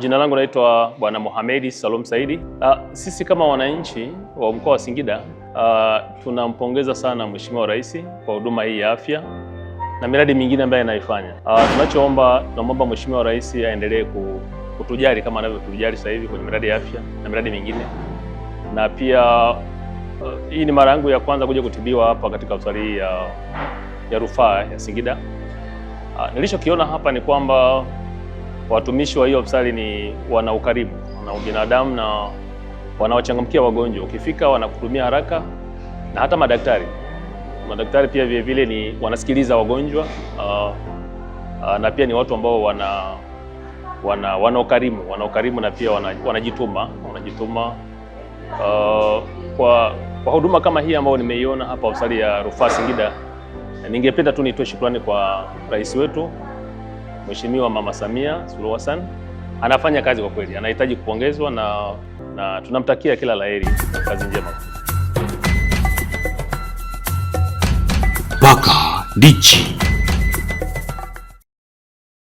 Jina langu naitwa Bwana Mohamedi Salum Saidi. Uh, sisi kama wananchi wa mkoa wa Singida uh, tunampongeza sana Mheshimiwa Rais kwa huduma hii ya afya na miradi mingine ambayo anaifanya. Uh, tunachoomba tunaomba Mheshimiwa Rais aendelee kutujali kama anavyotujali sasa hivi kwenye miradi ya afya na miradi mingine, na pia uh, hii ni mara yangu ya kwanza kuja kutibiwa hapa katika hospitali ya, ya rufaa ya Singida. Uh, nilichokiona hapa ni kwamba Watumishi wa hiyo hospitali ni wana ukarimu, wana ubinadamu na wanaochangamkia wagonjwa. Ukifika wanakutumia haraka, na hata madaktari madaktari pia vile vile ni wanasikiliza wagonjwa uh, uh, na pia ni watu ambao wana wana wanaokarimu wanaokarimu na pia wanajituma wanajituma uh, kwa kwa huduma kama hii ambayo nimeiona hapa hospitali ya Rufaa Singida, ningependa tu nitoe shukrani kwa rais wetu Mheshimiwa Mama Samia Suluhu Hassan anafanya kazi kwa kweli, anahitaji kupongezwa na, na tunamtakia kila laheri kazi njema. paka dichi